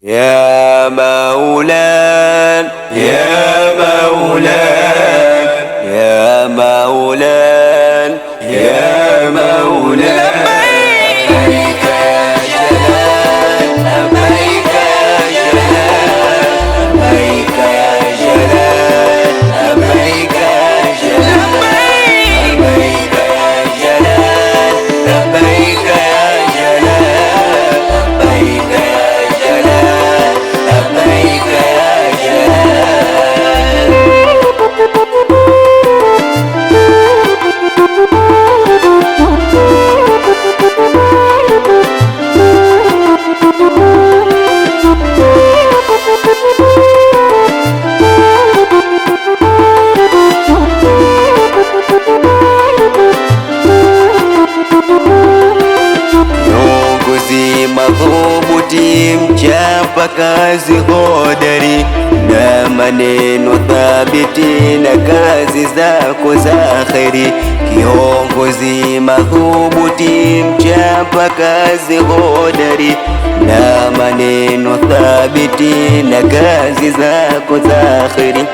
Yeah. Mkakati, mchapa kazi hodari na maneno thabiti na kazi zako za kheri. Kiongozi madhubuti, mchapa kazi hodari na maneno thabiti na kazi zako za kheri.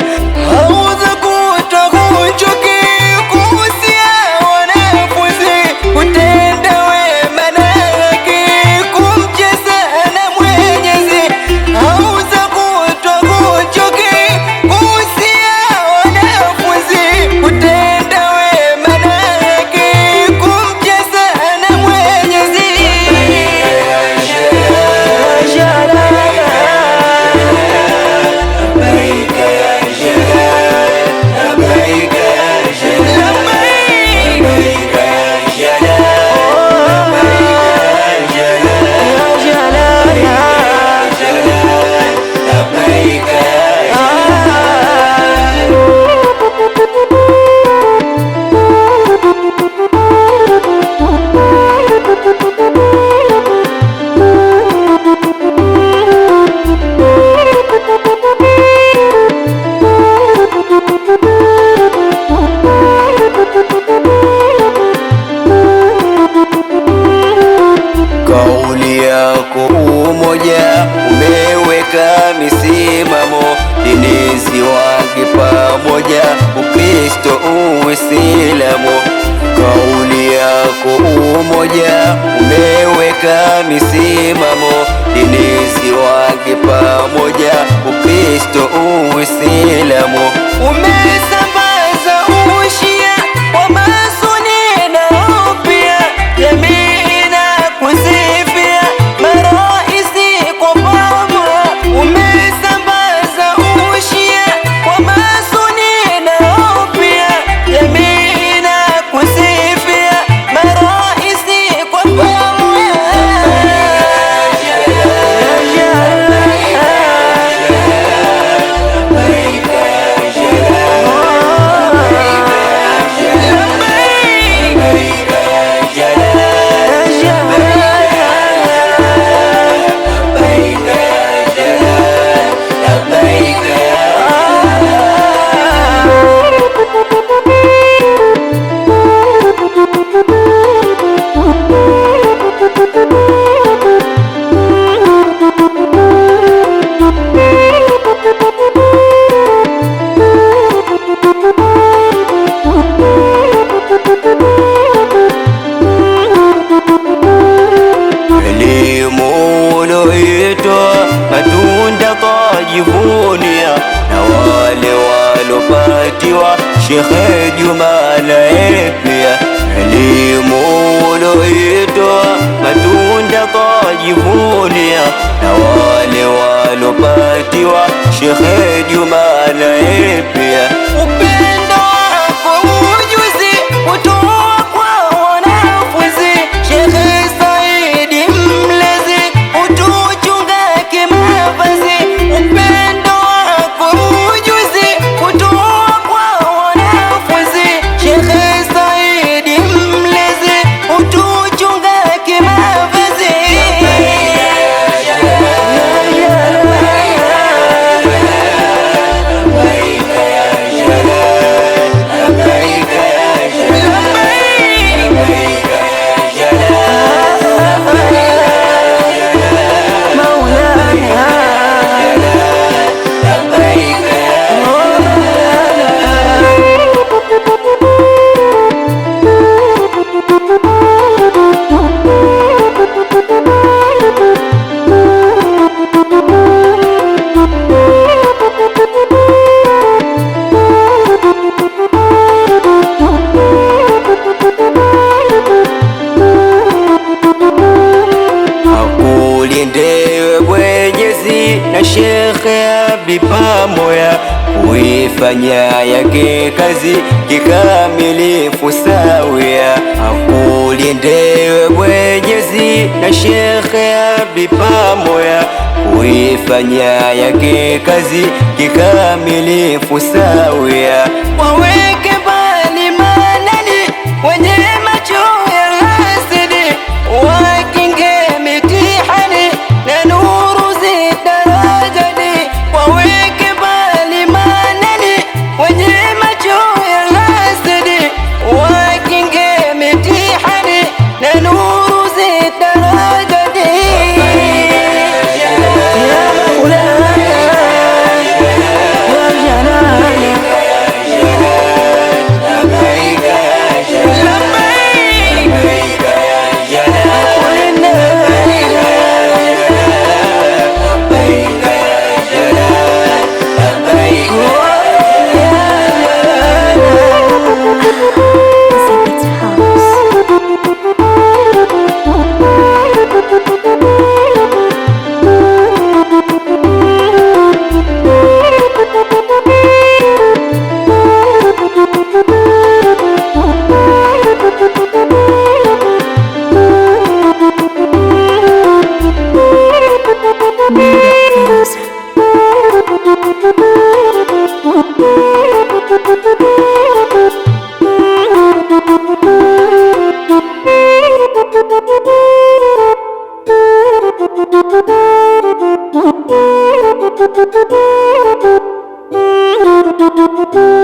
my simamo شيخين يما لعبني علي مولو إيدو مدون دقا يبوني نوالي والو باتي وشيخين kayabi pamoya kuifanya yake kazi kikamilifu sawia, akulindewe Mwenyezi na shekhe yabi pamoya kuifanya yake kazi kikamilifu sawia, waweke bali manani wenye Thank you.